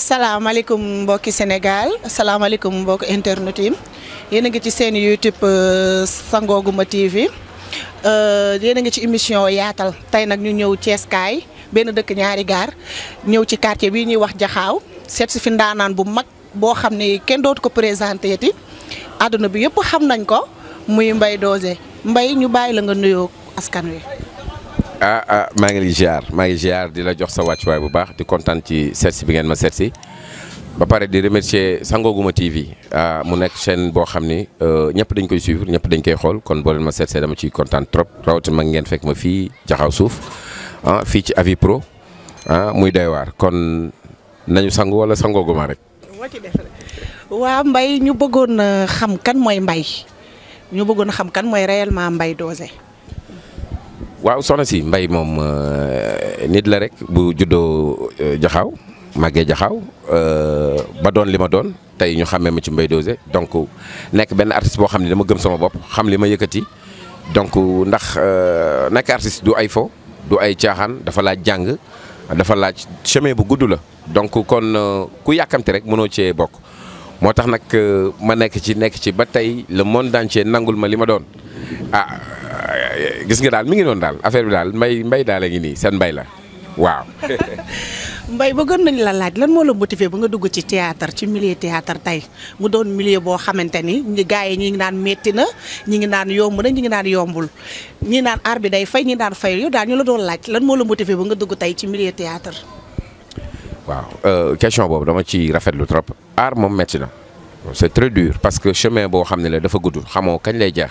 salaamaaleykum mbokki Sénégal salaamaaleykum mbokki internet yi yéen a ngi ci seen YouTube euh, Sango Gouma TV euh, yéen a ngi ci émission yaatal tey nag ñu ñëw Thiès kaay benn dëkk ñaari gaar ñëw ci quartier bii ñuy wax Jaxaaw seet si fi ndaanaan bu mag boo xam ne kenn dootu ko présenté ti àdduna bi yëpp xam nañ ko muy mbay Dozé mbay ñu bàyyi la nga nuyoo askan wi. ah ah maa ngi lay ziar di la jox sa wàccuwaay bu baax di kontaan ci seet bi ngeen ma seet si ba pare di remercier Sangoguma TV ah mu nekk chaîne boo xam ni euh, ñëpp dañ koy suivre ñëpp dañ koy xool kon boo leen ma seet see dama ciy kontaan trop rawatina mag ngeen fekk ma fii jaxaw suuf ah fii ci Avis Pro ah, muy doy waar kon nañu sangu wala sangooguma rek. waa Mbaye ñu bëggoon euh, xam kan mooy Mbaye ñu bëggoon xam kan mooy réellement mbay doose waaw soxna si mbay moom euh, nit la rek bu juddoo euh, jaxaaw màggee jaxaaw euh, ba doon li ma doon tey ñu xàmmee ma ci Mbaye Dozé donc nekk benn artiste boo xam ne dama gëm sama bopp xam li ma yëkkati donc ndax nekk artiste du ay fo du ay caaxaan dafa laaj jàng dafa laaj chemin bu gudd la donc kon ku yàkkamte rek mënoo cee bokk moo tax nag ma nekk ci nekk ci ba tey le monde entier nangul ma li ma doon ah gis nga dal mi ngi noonu dal affaire bi dal mbay mbay dalé ngi ni sen mbay la waaw. mbay bo gën nañ la laaj lan mo la motiver ba nga dugg ci théâtre ci milieu théâtre tay mu doon milieu bo xamanteni ñi gaay ñi ngi naan metti na ñi ngi naan yomb na ñi ngi naan yombul ñi naan art bi day fay ñi naan fay yu daal ñu la doon laaj lan mo la motiver ba nga dugg tay ci milieu théâtre waaw euh question bobu dama ci rafetlu trop art mom metti na c'est très dur parce que chemin bo xamné la dafa gudd xamoo kañ lay jeex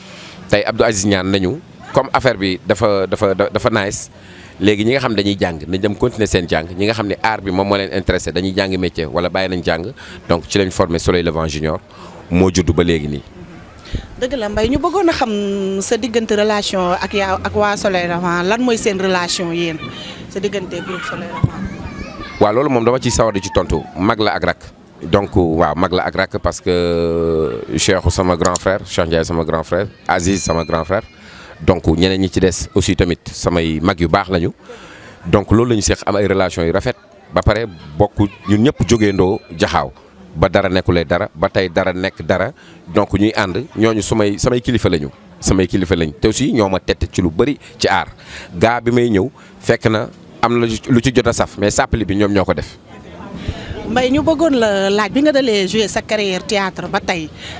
tey Abdou Aziz ñaan nañu comme affaire bi dafa dafa dafa nice léegi ñi nga xam dañuy jàng nañ dem continuer seen jàng ñi nga xam ne art bi moom moo leen intéressé dañuy jàng métier wala bàyyi nañ jàng donc ci lañu formé Soleil Levant Junior moo juddu ba léegi nii. dëgg la Mbaye ñu bëggoon a xam sa diggante relation ak yaa ak waa Soleil Levant lan mooy seen relation yéen sa diggante groupe Soleil Levant. waaw loolu moom dama ciy sawar di ci tontu mag la ak rak. donc waa mag la ak rakk parce que euh, Cheikh sama grand frère Cheikh sama grand frère Aziz sama grand frère donc ñeneen ñi ci des aussi tamit samay mag yu baax lañu donc loolu la ñu seex am ay relations yu rafet ba pare bokk ñun ñëpp jógeendoo jaxaaw ba dara nekkulee dara ba tey dara nekk dara donc ñuy ànd ñooñu sumay samay kilifa lañu samay kilifa lañ te aussi ñoo ma tette ci lu bëri ci aar gaa bi may ñëw fekk na am na lu ci jot a saf mais sàppali bi ñoom ñoo ko def. Nous ñu bëggoon la laaj jouer sa carrière théâtre ba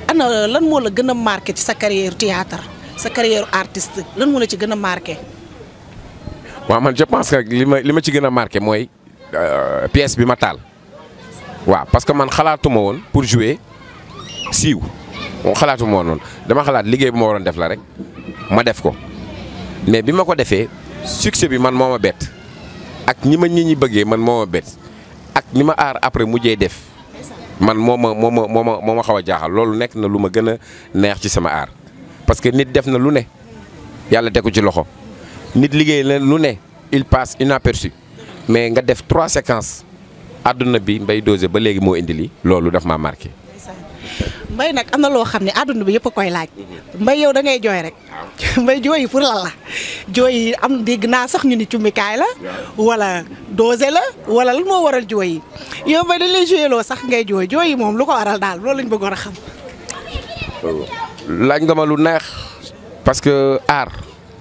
ana marqué sa carrière théâtre sa carrière artiste lan marqué. je pense que li ma ci marqué euh, pièce bi ma parce que je suis pour jouer si suis xalaatuma dama de liggéey bu que je def la rek ma def ko mais bi succès bi man ma ak ñi ñi man ak après je def man moma moma moma moma xawa ma parce que nit def na lu ne yalla tegu ci loxo nit lu il passe inaperçu mais nga def trois séquences à bi marqué. mbay nag am na loo xam ne àdduna bi yëpp koy laaj mhm. mbay yow da ngay jooy rek mbay jooy yi pour lan la jooy yi am dégg naa sax ñu ni cummikaay la wala dosé la wala moo waral jooy yi yow mbay dañ lay sax ngay jooy jooy yi moom lu ko waral daal loolu lañ bëggoon a xam. Euh, laaj nga ma lu neex parce que aar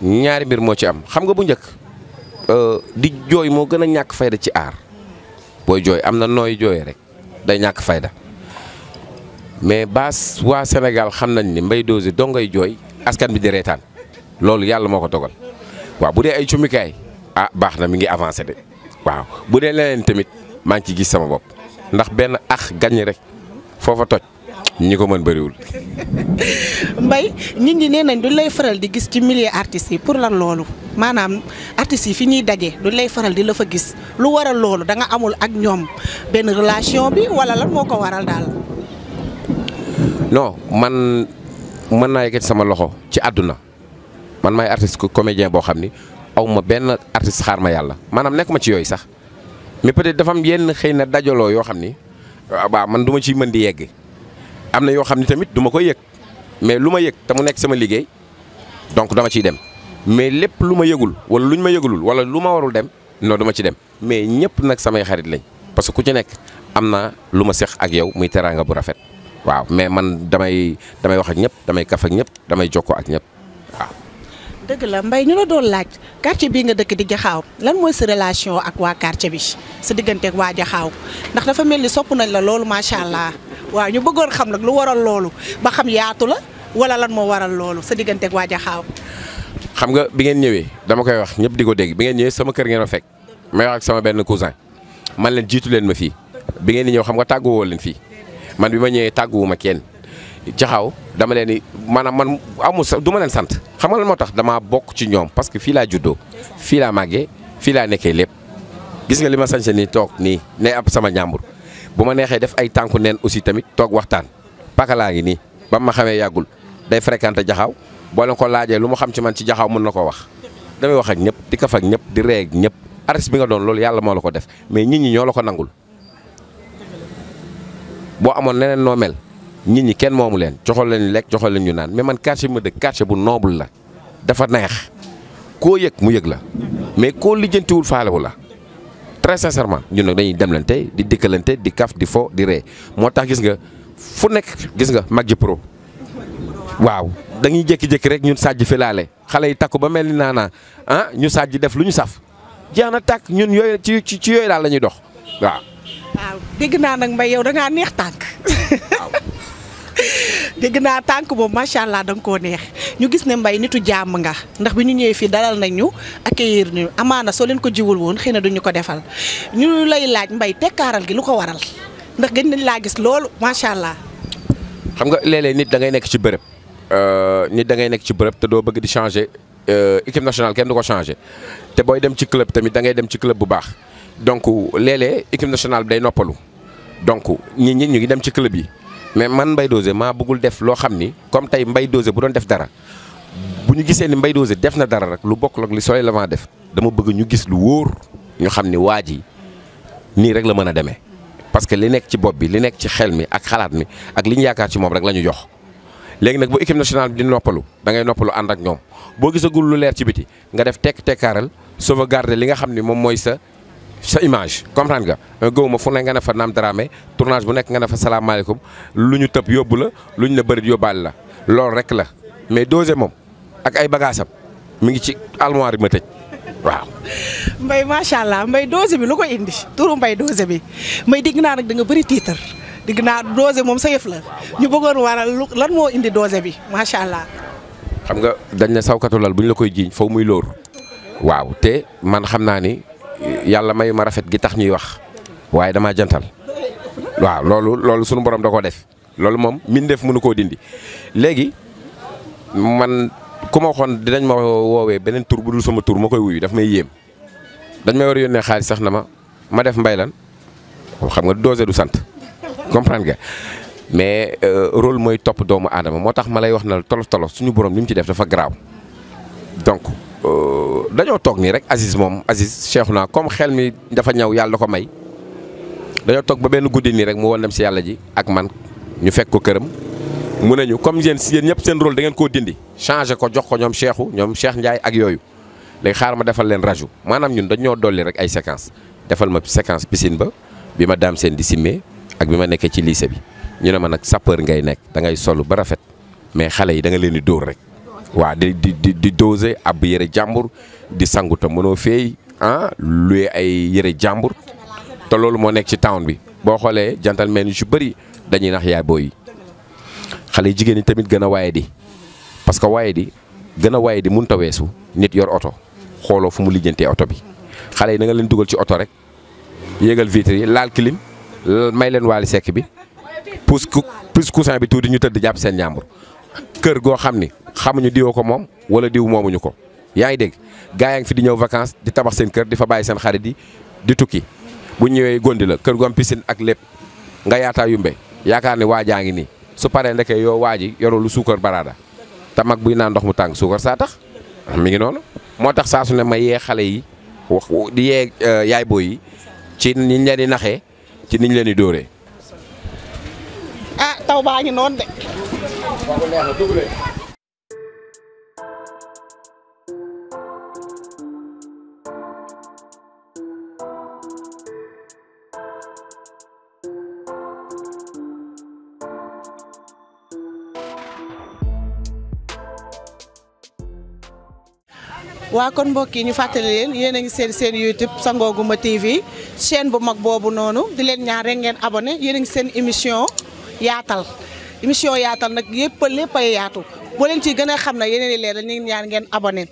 ñaari mbir moo ci am xam nga bu njëkk euh, di jooy moo gën a ñàkk fayda ci aar booy jooy am na nooy jooy rek day ñàkk fayda. mais bas wa senegal xamnañ nañ ni Mbaye Dozé dongay joy askan bi di ya lolou yalla moko ko dogal waaw bu dee ay cumikaay ah baxna mi ngi avancer dé wa budé lenen tamit ma ngi gis sama bop ndax ben ax gagné rek fofa toj ñi ko mën bëriwul. mbay nit ñi nenañ lay faral di gis ci milier artiste pour lan lolou manam artiste fi ñi daje duñ lay faral di la fa gis lu waral lolou da nga amul ak ñom ben relation bi wala lan moko waral dal non man mën naa yëkkati sama loxo ci àdduna man maay artiste comédien boo xam ni aw ma benn artiste xaar ma yàlla maanaam nekk ma ci yooyu sax mais peut-être dafa am yenn xëy na dajaloo yoo xam ni waaw man duma ma ciy mën di yegg am na yoo xam ni tamit duma ma koy yëg mais lu ma yëg te mu nekk sama liggéey donc dama ciy dem mais lépp lu ma yëgul wala lu ñu ma yëgulul wala lu ma warul dem noonu du ci dem mais ñëpp nag samay xarit lañ parce que ku ci nekk am na lu ma seq ak yow muy bu rafet. waaw mais man damay damay wax ak ñëpp damay kaf ak ñëpp damay jokkoo ak ñëpp waaw. dëgg la mbay ñu la doon laaj quartier bii nga dëkk di Jaxaaw lan mooy sa relation ak waa quartier bi sa digganteeg waa Jaxaaw ndax dafa mel ni sopp nañ la loolu macha allah waaw ñu bëggoon xam nag lu waral loolu ba xam yaatu la wala lan moo waral loolu sa digganteek waa Jaxaaw. xam nga bi ngeen ñëwee dama koy wax ñëpp di ko dégg bi ngeen ñëwee sama kër ngeen ma fekk may wax ak sama benn cousin man leen jiitu leen ma fii bi ngeen di ñëw xam nga tàgguwoo leen fii. man bima ma taguuma kenn ci xaw dama leni ni man amu sa len sante sant xam nga lan moo bok damaa ci ñom parce que fi la juddo fi la magge fi la nekké lepp gis nga lima ma ni tok ni né ne sama ñambur buma nexé def ay tanku nen aussi tamit tok waxtaan paka laa ngi ni ba ma xamee yagul day fréquenté jaxaw bo leen ko laajé lu mu xam ci man ci jaxaw mën nako wax damay wax ak ñep di kaf ak ñep di ree ak artiste bi nga doon lool yalla mo la ko def mais nit ñi ñoo la ko nangul boo amoon neneen noo mel nit ñi kenn moomu leen joxal lañu lekk joxal ñu naan mais man quartier ma dëkk quartier bu noble la dafa neex koo yëg mu yëg la mais koo lijjantiwul faalewu la très sincèrement ñun nag dañuy demlante di dikkalante di kaf di fo di ree moo tax gis nga fu nekk gis nga mag ji pro waaw dañuy jékki-jékki rek ñun sàjj fi xale yi takku ba mel ni naanaa ah ñu sàjj def lu ñu saf jeex na tàkk ñun yooyu ci ci yooyu daal lañuy ñuy dox waaw dégg naa nag mbay yow da nga neex tank. dégg naa tànk boobu macha allah da neex ñu gis ne mbay nitu jam nga ndax bi ñu ñëwee fi dalal nañ ñu accueillir ñu Amana so leen ko jiwul woon xeyna duñu ko defal ñu lay laaj mbay tekkaaral gi lu ko waral ndax gën nañ la gis loolu macha allah. xam nga lélé nit da ngay nekk ci Euh nit da ngay nekk ci bërepp te do bëgg di changer euh, équipe nationale kenn du ko changer te boy dem ci club tamit da ngay dem ci club bu baax donc léeg équipe nationale day noppalu. donc ñii ñi ñu ngi dem ci club yi mais man Mbaye Dozé maa bëggul def loo xam ni comme tey mbay Dozé bu doon def dara bu ñu gisee ni Mbaye Dozé def na dara rek lu bokkul ak li la Levant def dama bëgg ñu gis lu wóor ñu xam ni waa ji nii rek la mën a demee parce que li nekk ci bopp bi li nekk ci xel mi ak xalaat mi ak li ñu yaakaar ci moom rek la ñu jox léegi nag bu équipe nationale bi di noppalu da ngay noppalu ànd ak ñoom boo gisagul lu leer ci biti nga def tekk tekkaaral sauvegarder li nga xam ni moom mooy sa sa image comprendre nga euh, ma fu ne nga ne fa Naam Dramé tournage bu nekk nga ne fa salaamaaleykum lu ñu tëb yóbbu la lu ñu la bëri yóbbaale la loolu rek la mais doose moom ak ay bagaasam mu ngi ci armoire yi ma tëj waaw. Mbaye macha allah mbay Dozé bi lu ko indi turu mbay Dozé bi may digg naa nag da nga bëri tiitar digg naa Dozé moom sa yëf la ñu bëggoon waral lu lan moo indi Dozé bi macha allah. xam nga dañ ne sawkatu lal bu ñu la koy jiiñ foofu muy lóor waaw te man xam naa ni. yàlla mayu ma rafet gi tax ñuy wax waaye damaa jantal waaw loolu loolu sunu borom da koo def loolu moom min def mënu koo dindi léegi man ku ma waxoon dinañ ma woowee beneen tur bu dul sama tuur ma koy wuyu daf may yéem dañ may war a yónnee xaalis sax na ma ma def mbay lan xam nga dosé du sant comprendre nga mais euh, rôle mooy topp doomu aadama moo tax ma lay wax na tolof tolof suñu borom li mu ci def dafa garaaw donc. Euh, dañoo toog nii rek Aziz moom Aziz Cheikhouna comme xel mi dafa ñaw yàlla ko may dañoo toog ba benn guddi nii rek mu won dem si yàlla ji ak man ñu fekk ko këram mu ne ñu comme yéen si yéen ñëpp seen rôle da ngeen koo dindi changé ko jox ko ñoom Cheikhou ñoom Cheikh Ndiaye ak yooyu léegi xaar ma defal leen rajo maanaam ñun dañoo dolli rek ay séquence defal ma séquence piscine ba bi ma daam seen di simmee ak bi ma nekkee ci lycée bi ñu ne ma nag sapeur ngay nekk da ngay ba rafet mais xale yi da nga leen di dóor rek. waa di di di di ab yëre jàmbur di sangu te mënoo feey ah ay yëre jàmbur te loolu moo nekk ci town bi boo xoolee gentleman yu ci bëri dañuy nax yaay booy yi xale jigéen yi tamit gën a waaye di parce que waaye di gën a waaye di mun a weesu nit yor oto xooloo fu mu lijjante oto bi xale yi na nga leen dugal ci oto rek yéegal vitre yi laal clim may leen waali sekk bi pousse pousse coussin bi tuuti ñu tëdd jàpp seen ñaambur kër goo xam ni xamuñu diwa ko moom wala diw moomuñu ko yaa ngi dégg gaa yaa ngi fi di ñëw vacances di tabax seen kër di fa bàyyi seen xare di di tukki bu ñëwee gondi la kër gu am piscine ak lépp nga yaataa yumbe yaakaar ne waajaa ngi nii su paree ndeke yow waa ji yoroo lu suukar baraada te mag buy naa ndox mu tàng suukar saa tax ah, mi ngi noonu moo tax saa ne ma yee xale yi wax di yee euh, yaay booy yi ci niñ leen di naxee ci niñ leen di dóoree. ah ngi noonu wa kon mbokk ñu fatale leen yéen ngi seen seen youtube Sangoguma TV chaîne bu mag bobu nonu di leen ñaan rek ngeen abonné yéen ngi seen émission yaatal émission yaatal nak yépp lépp ay yaatu bo len ci gëna xamna xam na yeneen i leeral ñaan ngeen abonné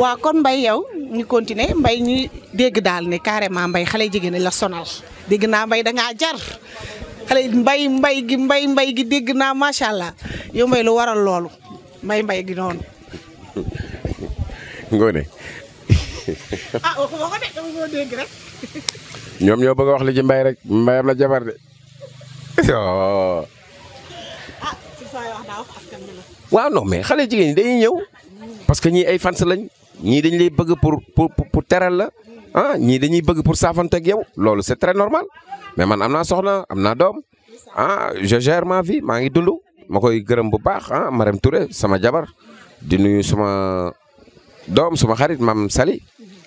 wa kon mbay yow ñu continuer mbay ñi dégg dal né carrément mbay xalé jigéen la sonal dégg na mbay da nga jar xalé mbay mbay gi mbay mbay gi dégg naa macha allah yow mbay lu waral lolu mbay mbay gi non ngone ah waxuma ko dégg dama dégg rek. ñom ñoo bëgg wax li ci mbay rek mbayam la jabar dé de. waa no mais xale jigéen ñi dañuy ñëw parce que ñii ay fans lañ ñii dañ lay bëgg pour pour pour teral la ah ñii dañuy bëgg pour saafante ak yow loolu c'est très normal mais man am naa soxna am naa doom ah je gère ma maa ngi dund ma koy gërëm bu baax ah Marème Touré sama jabar di nuyu suma doom suma xarit maam Sali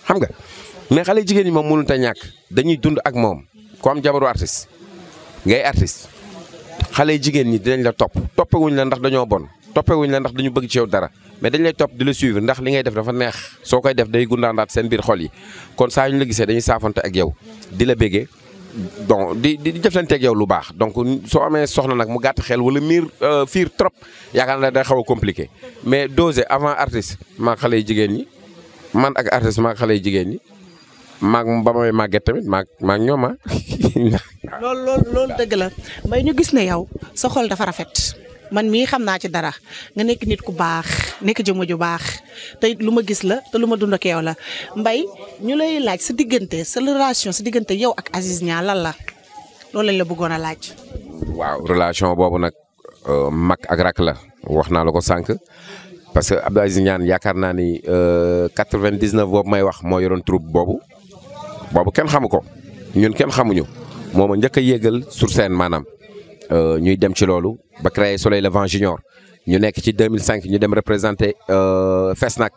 xam nga mais xale jigéen ñi moom mënut a ñàkk dañuy dund ak moom ku am jabaru artiste ngay artiste xale yi jigéen ñi dinañ la topp toppewuñ la ndax dañoo bon toppewuñ la ndax dañu bëgg ci yow dara mais dañ lay topp di la suivre ndax li ngay def dafa neex soo koy def day gundaandaat seen biir xol yi kon saa ñu la gisee dañuy saafante ak yow di la béggee donc di di jëflante ak yow lu baax donc soo amee soxna nag mu gàtt xel wala miir euh, fiir trop yaakaar naa day xaw a compliqué mais doser avant artiste maa xale jigéen ñi man ak artiste maa xale jigéen ñi. maag ba may màgget tamit maag maag ñoom ah. loolu dëgg la mbay ñu gis ne yow sa xol dafa rafet man mii xam naa ci dara nga nekk nit ku baax nekk jëmm ju baax te lu ma gis la te lu ma dund ak yow la mbay ñu lay laaj si diggante sa relation sa diggante yow ak Aziz Niang lan la loolu lañ la bëggoon a laaj. waaw relation boobu nag euh, mag ak rak la wax naa la ko sànq. parce que Abdou Aziz yaakaar naa ni 99 euh, boobu may wax moo yoroon troupe boobu boobu kenn xamu ko ñun kenn xamuñu moom a njëkk a yéegal sur scène maanaam euh, ñuy dem ci loolu ba créé Soleil Levant Junior ñu nekk ci 2005 ñu dem représenté euh, nag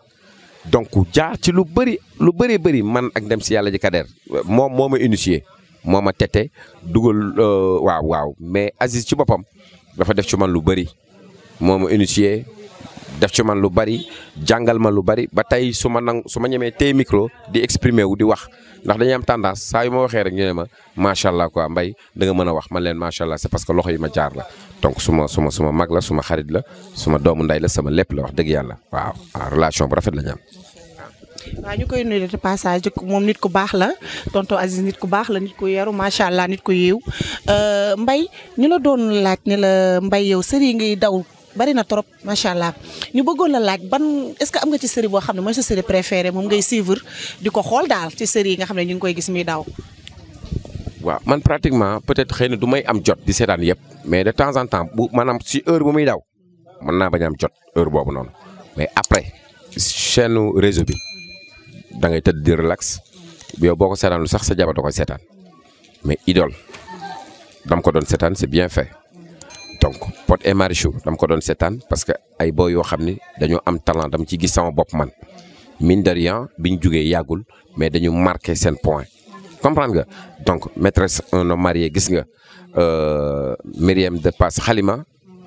donc jaar ci lu bëri lu bëri bëri man ak dem si yàlla ji Kader moom moo ma initié moom ma tete dugal euh, waaw waaw mais Aziz ci boppam dafa def ci man lu bëri moom ma initié def ci man lu bari jangal ma lu bari ba tay suma nang suma ñame té micro di exprimer wu di wax ndax dañuy am tendance sa yu ma waxee rek ñu ma sha allah quoi mbay da nga mëna wax man leen sha allah c'est parce que loxoy ma jaar la donc suma suma suma mag la suma xarit la suma doomu nday la sama lepp la wax deug yalla waaw relation bu rafet la ñam wa ñu koy nuyu de passage mom nit ku bax la tonto Aziz nit ku bax la nit ku ma sha allah nit ku euh mbay ñu la doon laaj ni la mbay yow sëriñ ngay daw bari na trop macha allah ñu bëggoon la laaj ban est-ce que am nga ci série boo xam ne mooy sa série préférée moom ngay suivre di ko xool daal ci série yi nga xam ne ñu ngi koy gis muy daw. waaw man pratiquement peut-être xëy na du may am jot di seetaan yëpp mais de temps en temps bu maanaam si heure bu daw mën naa bañ am jot heure boobu noonu mais après chaîne réseau bi da ngay tëdd di relax yow boo ko seetaanul sax sa jabar da koy seetaan mais idole dam ko doon seetaan c'est bien fait. donc Pod et Marichou dama ko don seetaan parce que ay boy yo xamni dañu am talent dama ci gis sama bop man mine de rien biñ ñu yagul mais dañu marqué sen point comprendre nga donc maîtresse un homme marié gis nga euh, Miriam de Passe Halima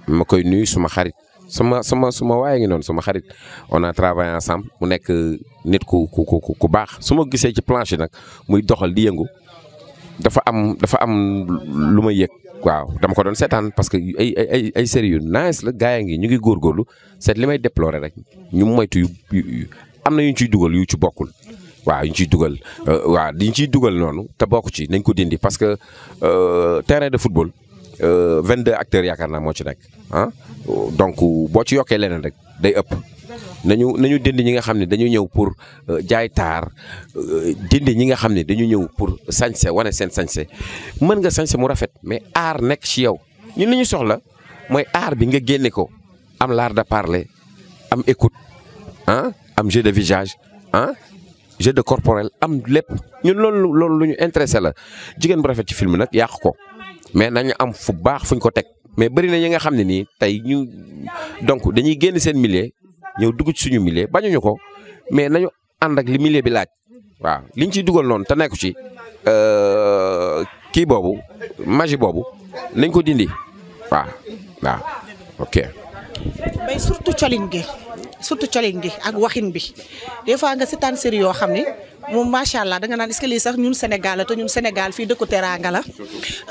ma koy suma xarit sama sama suma waye ngi non suma xarit on a travaillé ensemble mu nek nit ku ku ku ku baax su ma ci planche nak muy doxal di yëngu dafa am dafa am luma yek waaw dama ko doon seetaan parce que ay ay ay série yu nice la gaa yi ngi ñu ngi góorgóorlu seet li may déplorer rek ñu moytu yu am na yu ñu ciy dugal yu ci bokkul waaw yu ñu ciy dugal euh, waaw di ñu ciy dugal noonu te bokk ci nañ ko dindi parce que euh, terrain de football 22 euh, acteur yaakaar naa moo ci nekk ah donc boo ci yokkee leneen rek day ëpp. nañu nañu dindi ñi nga xam ne dañu ñëw pour euh, jaay taar euh, dindi ñi nga xam ne dañu ñëw pour sañse wane seen sañse mën nga sañse mu rafet mais aar nekk ci yow ñun li ñu soxla mooy aar bi nga génne ko am l'art de parler am écoute ah am jeu de visage ah jeu de corporel am lépp ñun loolu loolu lu ñu intéressé la jigéen bu rafet ci film nag yàqu ko mais nañu am fu baax fuñ ko teg mais bëri na ñi nga xam ne nii tey ñu donc dañuy génn seen milieu ñëw dugg ci suñu milieu bañuñu ko mais nañu ànd ak li milieu bi laaj waaw liñ ciy dugal noonu te nekku ci euh, kii boobu magie boobu nañ ko dindi waaw waaw ok. mais surtout colin gi surtout colin gi ak waxin bi des fois nga seetaan série yoo xam ne moom macha allah danga naan est lii sax ñun Sénégal la te ñun Sénégal fii dëkku teraanga la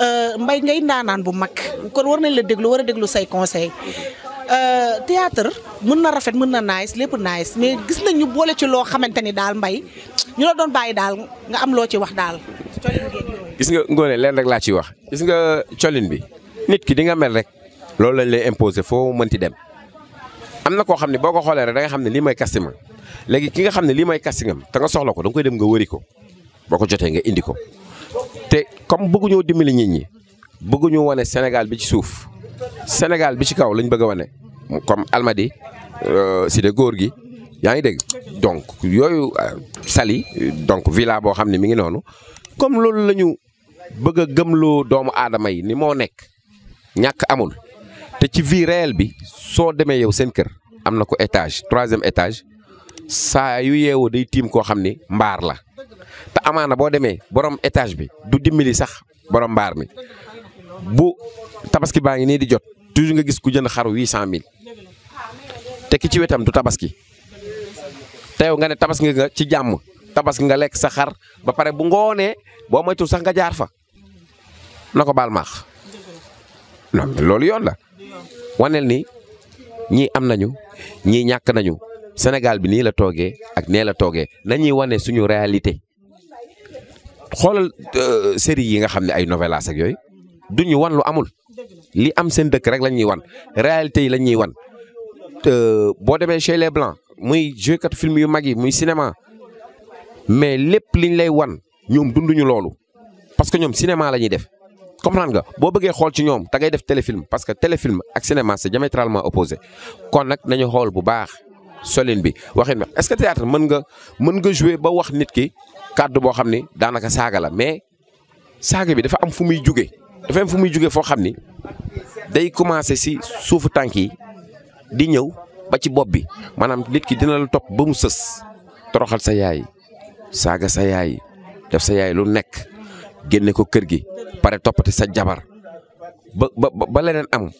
euh, mbay ngay naan bu mag kon war nañ la déglu war a déglu say conseil Euh, théâtre mën na rafet mën na nice lépp nice mais gis nañ ñu boole ci loo xamante ni daal mbay ñu la doon bàyyi daal nga am loo ci wax daal. gis nga Ngoné leen rek laa ciy wax gis nga colin bi nit ki dinga mel rek loolu lañ lay imposer foo mënti dem. am na koo xam ne boo ko xoolee rek da nga xam ne lii mooy casting léegi ki nga xam ne lii mooy castingam te nga soxla ko da koy dem nga wëri ko boo ko jotee nga indi ko te comme bëgguñoo dimbali nit ñi bëgguñu wane Sénégal bi ci suuf. Sénégal bi ci kaw lañ bëgg wane comme Almadi Cité euh, góor gi yaa ngi dégg donc yooyu euh, sali donc villa boo xam ne mi ngi noonu comme loolu lañu ñu bëgg a gëmloo doomu aadama yi ni moo nekk ñàkk amul te ci vie réelle bi soo demee yow seen kër am na ko étage troisième étage saa yu yeewoo day tiim koo xam ni mbaar la te amaana boo demee borom étage bi du dimbali sax borom mbaar mi bu tabaski baangi ni di jot toujours nga gis ku jënd xaru 800000 te ki ci wétam du tabaski te nga ne tabaski nga ci jamm tabaski nga lek sa xar ba paré bu ngone bo moytu sax nga jaar fa bal max non yoon la wanel ni ñi am nañu ñi ñak nañu senegal bi ni la togué ak né la togué nañi wané suñu réalité xolal euh, série yi nga xamné ay novelas ak yoy du ñu wan lu amul li am seen dëkk rek la ñuy wan réalité yi la ñuy wan boo demee chez les blancs muy jëkkat film yu mag yi muy cinéma mais lépp liñ lay wan ñoom dunduñu loolu parce que ñoom cinéma la ñuy def naan nga boo bëggee xool ci ñoom da ngay def téléfilm parce que téléfilm ak cinéma c'est diamétralement opposé kon nag nañu xool bu baax solin bi waxin bi est que théâtre mën nga mën nga jouer ba wax nit ki kàddu boo xam ni daanaka saaga la mais saaga bi dafa am fu muy jugee. dafa am fu muy jóge foo xam ni day commencé si suufu tànk yi di ñëw ba ci bopp bi maanaam nit ki dina la topp ba mu sës toroxal sa yaay saaga sa yaay def sa yaay lu nekk génne ko kër gi pare toppati sa jabar ba ba ba leneen am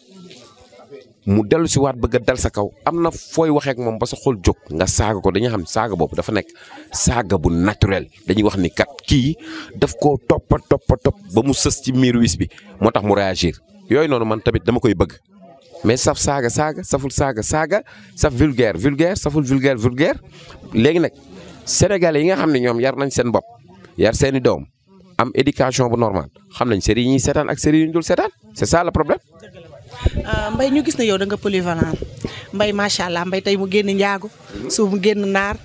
mu dellu si waat amna dal sa kaw amna foy waxe ak mom ba sa xol jog nga saga ko dañu xam saga boobu dafa nek saga bu naturel dañuy wax ni kat ki daf ko top top top ba mu seus ci mir wis bi motax mu réagir yoy man tamit dama koy beug mais saf saga saga saful saga saga saf vulgaire vulgaire saful vulgaire vulgaire legui nak sénégalais yi nga xam ni ñom yar nañ sen bop yar sen dom, am éducation bu normal xam nañ seri yi sétane ak série ñu dul c'est ça le problème Euh, mbay ñu gis na yow danga nga polyvalent Mbaye macha allah mbay tey mu génn njaago suba mu génn naar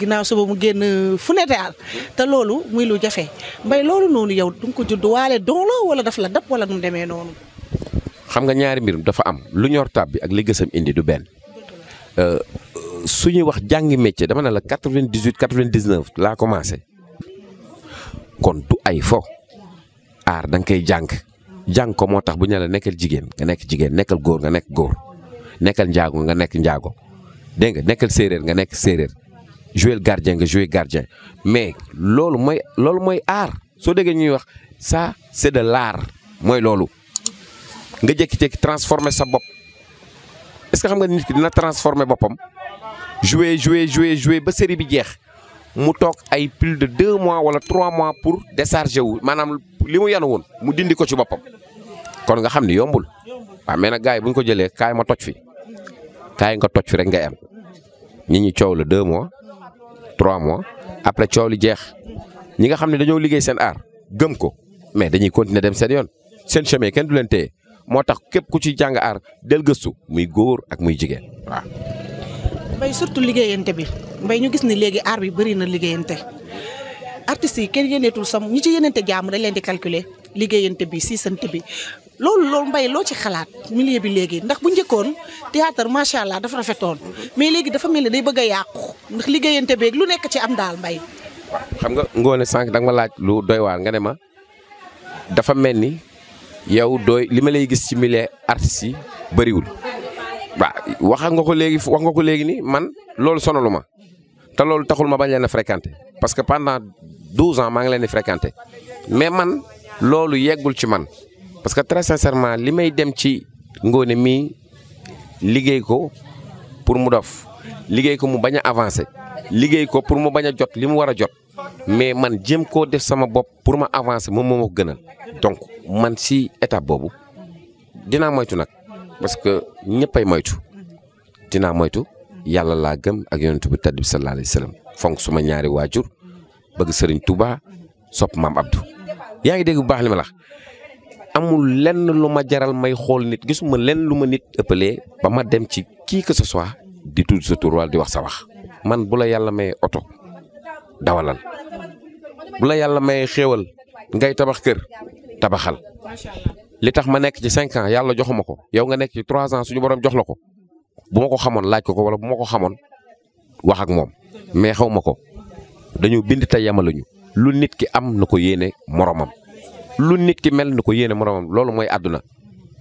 ginnaaw suba mu génn fu ne daal te loolu muy lu jafe mbay loolu noonu yow du nga ko judd waale don la wala daf la dab wala nu demee noonu. xam nga ñaari mbir dafa am lu ñor tab bi ak li gësam indi du benn euh, su ñuy wax jàngi métier dama na la 98 99 laa commencé kon du ay fo aar da nga koy jàng. jang ko motax bu ñala nekkal jigen nga nekk jigen nekkal goor nga nekk goor nekkal njaago nga nekk njaago dégg nga nekkal sereer nga nekk sereer jouer gardien nga jouer gardien mais lolu moy lolu moy aar so dege ñuy wax ça c'est de l'art moy lolu nga jekki tek transformer sa bop est-ce que xam nga nit ki dina transformer bopam jouer jouer jouer jouer ba série bi jeex mu toog ay plus de deux mois wala trois mois pour décharger wu maanaam li mu yanu woon mu dindi ko ci boppam kon nga xam ni yombul waaw mais nag gars yi bu ñu ko jëlee kaay ma toj fi kaay nga toj fi rek ngay am ñi ñu coow la deux mois trois mois après coow li jeex ñi nga xam ne dañoo liggéey seen aar gëm ko mais dañuy continuer dem seen yoon seen chemin kenn du leen téye moo tax képp ku ci jàng aar del gëstu muy góor ak muy jigéen waaw. mbay surtout liggéeyante bi mbay ñu gis ni léegi aar bi bëri na liggéeyante artistes yi kenn yéeneetul sam ñi ci yéeneente jàmm dañ leen di calculer liggéeyante bi siisante bi loolu loolu mbay loo ci xalaat milieu bi léegi ndax bu njëkkoon théâtre macha allah dafa rafetoon mais léegi dafa mel ni day bëgg a yàqu ndax liggéeyante beeg lu nekk ci am daal mbay. xam nga ngoone sànq da ma laaj lu doy waar nga ne ma dafa mel ni yow doy li ma lay gis ci milieu artistes yi bëriwul. ba wax nga ko legui wax nga ko legui ni man lolou sonaluma ta lolou taxul ma bañ leen a fréquenté parce que pendant 12 ans ma ngi leen di fréquenté mais man lolou yegul ci man parce que très sincèrement limay dem ci ngone mi liggey ko pour mu dof liggey ko mu baña avancer liggey ko pour mu baña jot limu wara jot mais man jëm ko def sama bop pour ma avancer mom momo gënal donc man si étape bobu dina moytu nak. parce que ñëppay moytu dinaa moytu yàlla laa gëm ak yonent bu tedd bi sallallahu alayhi wa fonk suma ñaari waajur bëgg sëriñ Touba sopp maam Abdou yaa ngi dégg bu baax li ma la amul lenn lu ma jaral may xool nit gisuma lenn lu ma nit ëppalee ba ma dem ci kii que ce di tudd sa tur wala di wax sa wax man bu la yàlla may oto dawalal bu la yàlla may xéewal ngay tabax kër tabaxal li tax ma nekk ci cinq ans yàlla joxuma ko yow nga nekk ci trois ans suñu borom jox la ko bu ma ko xamoon laaj ko ko wala bu ma ko xamoon wax ak moom mais xaw ma ko dañoo bind tey yemaluñu lu nit ki am na ko yéene moromam lu nit ki mel na ko yéene moromam loolu mooy àdduna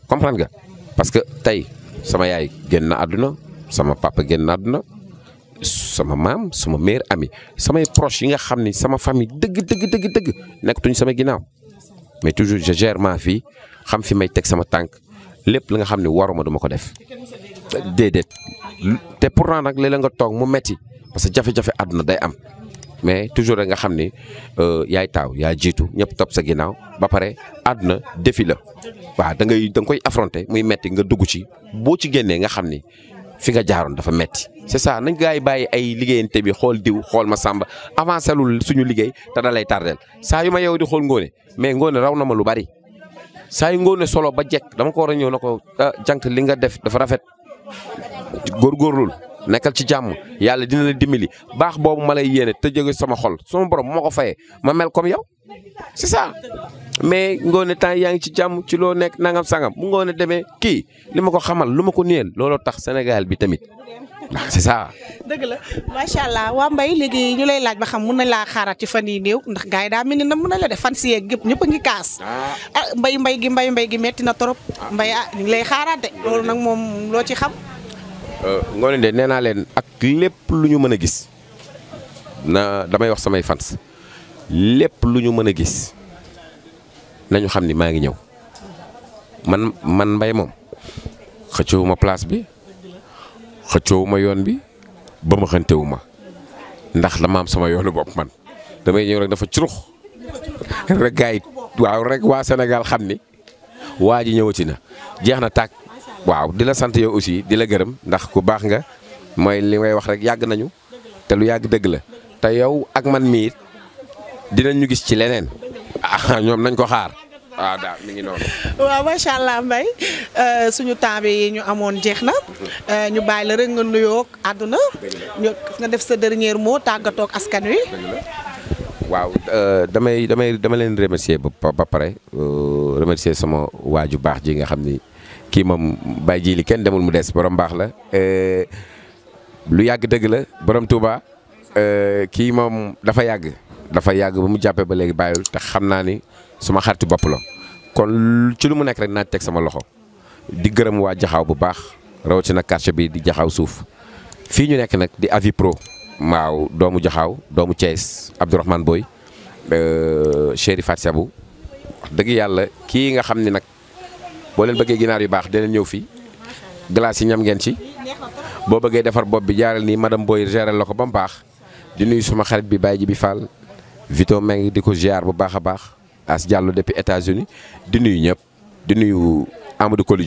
comprendre nga parce que tey sama yaay génn na àdduna sama papa génn na àdduna sama maam sama mère ami samay proche yi nga xam ni sama famille dëgg dëgg dëgg dëgg nekkatuñ sama ginnaaw. mais toujours je gère ma vie xam fi may teg sama tànk lépp li nga xam ne waruma duma ko def déedéet te pourtant nag léeg-léeg nga toog mu metti parce que jafe-jafe àdduna day am mais toujours rek nga xam ni euh, yaay taaw yaa jiitu ñëpp topp sa ginnaaw ba pare àdduna défi la waaw da ngay da koy affronter muy metti nga dugg ci boo ci génnee nga xam ni fi nga jaaroon dafa metti c'est ça nañ gaa yi bàyyi ay liggéeyante bi xool diw xool ma sàmba avancé lul suñu liggéey te da lay tardel saa yu ma yeew di xool ngóone mais ngóone raw na ma lu bari saa yu ngóone solo ba jekk dama ko war a ñëw na ko ah, jànk li nga def dafa rafet góorgóorlul nekkal ci jàmm yàlla dina la dimbali baax boobu ma lay yéene te jóge sama xol sama borom moo ko fayee ma mel comme yow c'est ça. mais ngoone taa yaa ngi ci jàmm ci loo nekk nangam sangam bu ngoone demee kii li ma ko xamal lu ma ko neel looloo tax senegal bi tamit waaw c'est ça. dëgg allah waa Mbaye léegi ñu lay laaj ba xam mun nañ laa xaaraat ci fan yii néew ndax gars yi daa mel ni na mun nañ la fan si yeeg gépp ñëpp a ngi kaas. ah mbay ah, mbay gi mbay mbay gi metti na trop. mbay ah, ah lay xaaraat de nag moom loo ci xam. Euh, Ngoné Ndeye nee naa leen ak lépp lu ñu mën a gis na damay wax samay fans lépp lu ñu mën a gis nañu xam ni maa ngi ñëw man man mbay moom xëccoowuma place bi xëccoowuma yoon bi ba ma xëntewuma ndax dama am sama yoonu bopp man damay ñëw rek dafa curux rek gars waaw rek waa senegal xam ni waa ji ñëwati na jeex na tàkk waaw di la sant yow aussi di la gërëm ndax ku baax nga mooy li may wax rek yàgg nañu te lu yàgg dëgg la te yow ak man mii it dinañ ñu gis ci leneen ah ñoom nañ ko xaar. waaw ah, daal mi ngi noonu. macha allah Mbaye euh, suñu temps yi ñu amoon jeex na euh, ñu bàyyi la rek nga nuyoo àdduna ñu nga def sa dernier moo tàggatoo ak askan wi. waaw euh, damay damay dama leen remercier ba ba pare remercier sama waaju baax ji nga xam ni. ki moom Baye Jili ken demul mu dess borom bax la eh, lu yag deug la borom Touba eh, ki moom dafa yag dafa yag bu mu jappé ba légui bayul te xamna ni suma xarti bop la kon ci lu mu nek rek na tek sama loxo di gërem wa jaxaw bu ci na carte bi di jaxaw suuf fi ñu nek nak di avi pro maw doomu jaxaw doomu Thiès Rahman Boy euh cheri Sabou deug yalla ki nga xamni nak boo leen bëggee ginaar yu baax dina ñëw fii glace yi ñam ngeen ci boo bëggee defar bopp bi jaaral nii madame Boye geral la ko ba mu baax di nuyu suma xarit bi Baye bi Fall Vito Meng di ko ziar bu baax a baax as Diallo depuis états uni di nuyu ñëpp di nuyu amadu Koli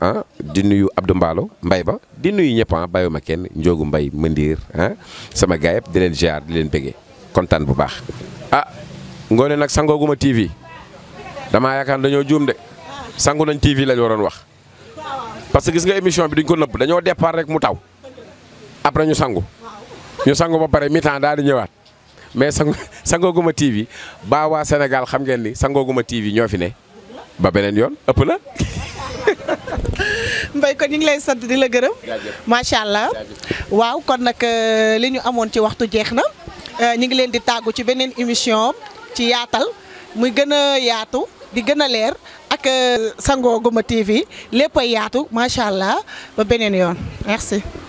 ah. di nuyu Abdou Mballo mbay ba di nuyu ñëpp ah bàyyiwuma kenn njoogu Mbay Mëndiir ah sama gaay yëpp di leen ziar di leen bëggee kontaan bu baax. a ah, ngoone nag sangooguma TV damaa yaakaar dañoo sangu nañ TV lañ waroon wax parce que gis nga émission bi duñ ko nëbb dañoo départ rek mu taw après ñu sangu ñu sangu ba pare mi-temps daal di ñëwaat mais sangu sangooguma TV ba waa Sénégal xam ngeen ni sangooguma TV ñoo fi ne ba beneen yoon ëpp na. Mbaye kon ñu ngi lay sant di la gërëm. macha allah waaw kon nag euh, li ñu amoon ci waxtu jeex na. Euh, ñu ngi leen di tàggu ci beneen émission ci yaatal muy gën a yaatu di gën a leer. ak euh, Sango Gouma TV lépp a yaatu macha allah ba beneen yoon merci.